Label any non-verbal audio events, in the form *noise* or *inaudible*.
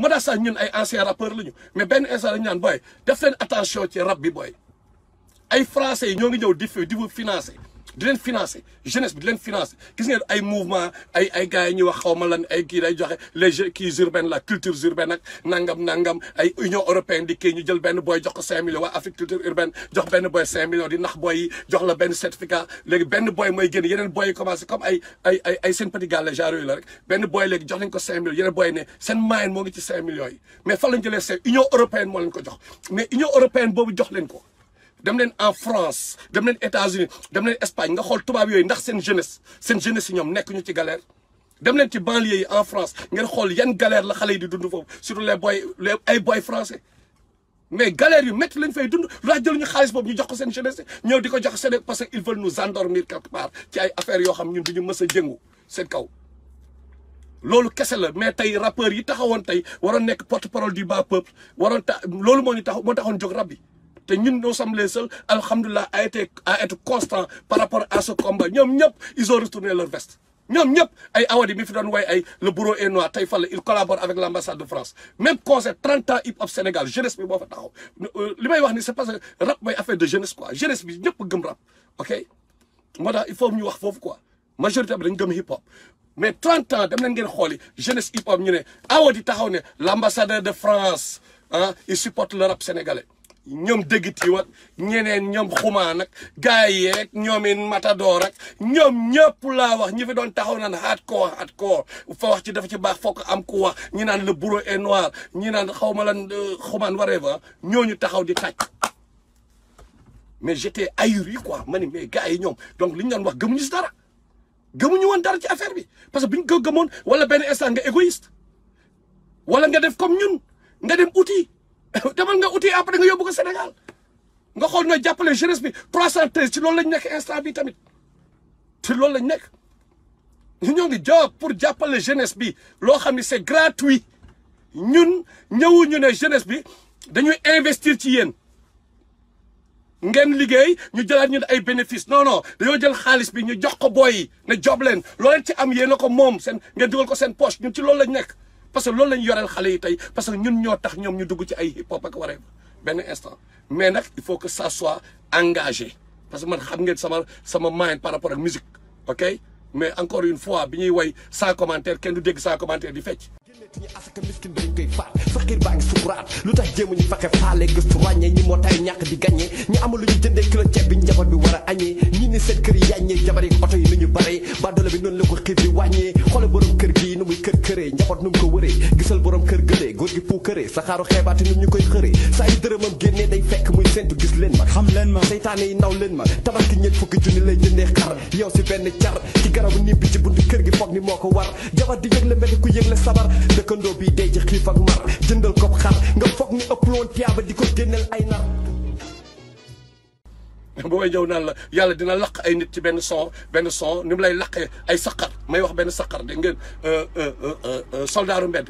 moo tax ñun ay ancien rappeur ñu mais benn instant lañu naan booy def leen attention ci rap bi booy ay français yi ñoo ngi ñëw di fi di financer. di leen financer jeunesse bi di leen financer gis ngeen ay mouvement ay ay gars wax xaw ma lan ay kii day joxe les kii urbaine la culture urbaine ak nangam nangam ay union européenne di kii ñu jël benn booy jox ko 5 millions waa Afrique culture urbaine jox benn booy 5 millions di nax booy jox la benn certificat léegi benn booy mooy génn yeneen booy yi commencé comme ay ay ay ay seen petit gàlle genre la rek benn booy léegi jox lañ ko 5 millions yeneen booy ne seen moyenne moo ngi ci 5 millions yi mais fan lañ jëlee seen union européenne moo jox mais union européenne dem leen en France dem leen États-Unis dem leen Espagne nga xool tubaab yoy ndax sen jeunesse sen jeunesse ñom ñoom nekk ñu ci galère dem len ci banlieue en France ngeen xol yane galère la xalé yi di dund foofu surtout les boy les ay boy français mais galère yu met lañ fay dund laa jël ñu xaalis boobu ñu jox ko sen jeunesse ñew diko jox sen parce que veulent nous endormir quelque part ci ay affaire yo xam ñun duñu ñu jëngu seen kaw Lolu kese la mais tay rappeurs yi taxawon tay waron nekk porte parole du bas peuple waron lolu loolu moo tax mo taxone jox rab bi et ñun nous sommes les seuls alhamdulilah à été à être constant par rapport à ce combat ñoom ñëpp ils ont retourné leur veste ñoom ñëpp ay awadi mi fi le bureau est noir tey il collabore avec l'ambassade de France même conseil 30 ans hip hop Sénégal jeunesse mais bon, fa taxaw euh, li may wax ni c'est parce que rap mooy affaire de jeunesse quoi jeunesse bi ñëpp gëm rap ok moo il faut ñu wax quoi majorité bi dañ gëm hip hop mais 30 ans dem avez ngeen jeunesse hip hop ñu ne awadi taxaw de France ah il supporte le rap sénégalais ñoom dëgg tiiwat ñeneen ñoom xumaa nag gars yi rek ñoomin matador ak ñoom ñëpp laa wax ñi fi doon taxaw naan haat koo haat koo fa wax ci dafa ci baax fokk am ku wax ñi naan le bureau est noir ñi naan xaw ma lan euh, xumaan whatever ñooñu taxaw di tàcc mais j'étais ahuri quoi ma ni mais ñoom donc li ñu doon wax gëmuñu si dara gëmuñu woon dara ci affaire bi parce que bu ñu ko gëmoon wala benn instant nga égoïste wala nga def comme ñun nga dem outil te *laughs* man nga uti après nga yóbbu ko Sénégal nga xool nooy jàppale jeunesse bi 313 ci loolu lañ nekk instant bi tamit ci loolu lañ nekk ñu ñoo ngi job pour jàppale jeunesse bi loo xam ne c'est gratuit ñun ñëwuñu ne jeunesse bi dañuy investir ci yéen ngeen liggéey ñu jëlaat ñun ay bénéfice non non dañoo jël xaalis bi ñu jox ko booy yi ne job leen loo leen ci am yéen a ko moom seen ngeen dugal ko seen poche ñun ci loolu lañ nekk parce que loolu lañ yoreel xale yi tey parce que ñun ñoo tax ñoom ñu dugg ci ay hip hop ak waree benn instant mais nag il faut que ça soit engagé parce que man xam ngeen sama sama mind par rapport ak musique ok mais encore une fois bi ñuy woy sans commentaire kenn du dégg sans commentaire di fecc ñu asaka miskin dañ koy faat fakir baa ngi sukuraat lu tax jéem ñu faxe faale gëstu wàññe ñi moo tay ñàkk di gàññe ñu amul lu ñu jëndee kilo bi njaboot bi war a añee yi këree njaboot nu mu ko wëree gisal borom kër gëlee góor gi pou këree saxaaru xeebaate num ñu koy xëree saa yu dërëmam génnee day fekk muy sentu gis leen ma xam leen ma seytaane yi naw leen ma tabaski ñeent fukki junni lay jëndee xar yow si benn car ci garabu nim ci buntu kër gi foog ni moo ko war jabar di yëgle mbete ku yëgle sabar dëkkandoo bi day ci xiif ak mar jëndal ko xar nga foog ni ëpp loon tiyaaba di ko génneel ay nar *laughs* booy jëw naan la yàlla dina laq ay nit ci benn son benn son ni mu lay laqee ay saqar may wax benn saqar dégg ngeen euh, euh, euh, soldaaru mbedd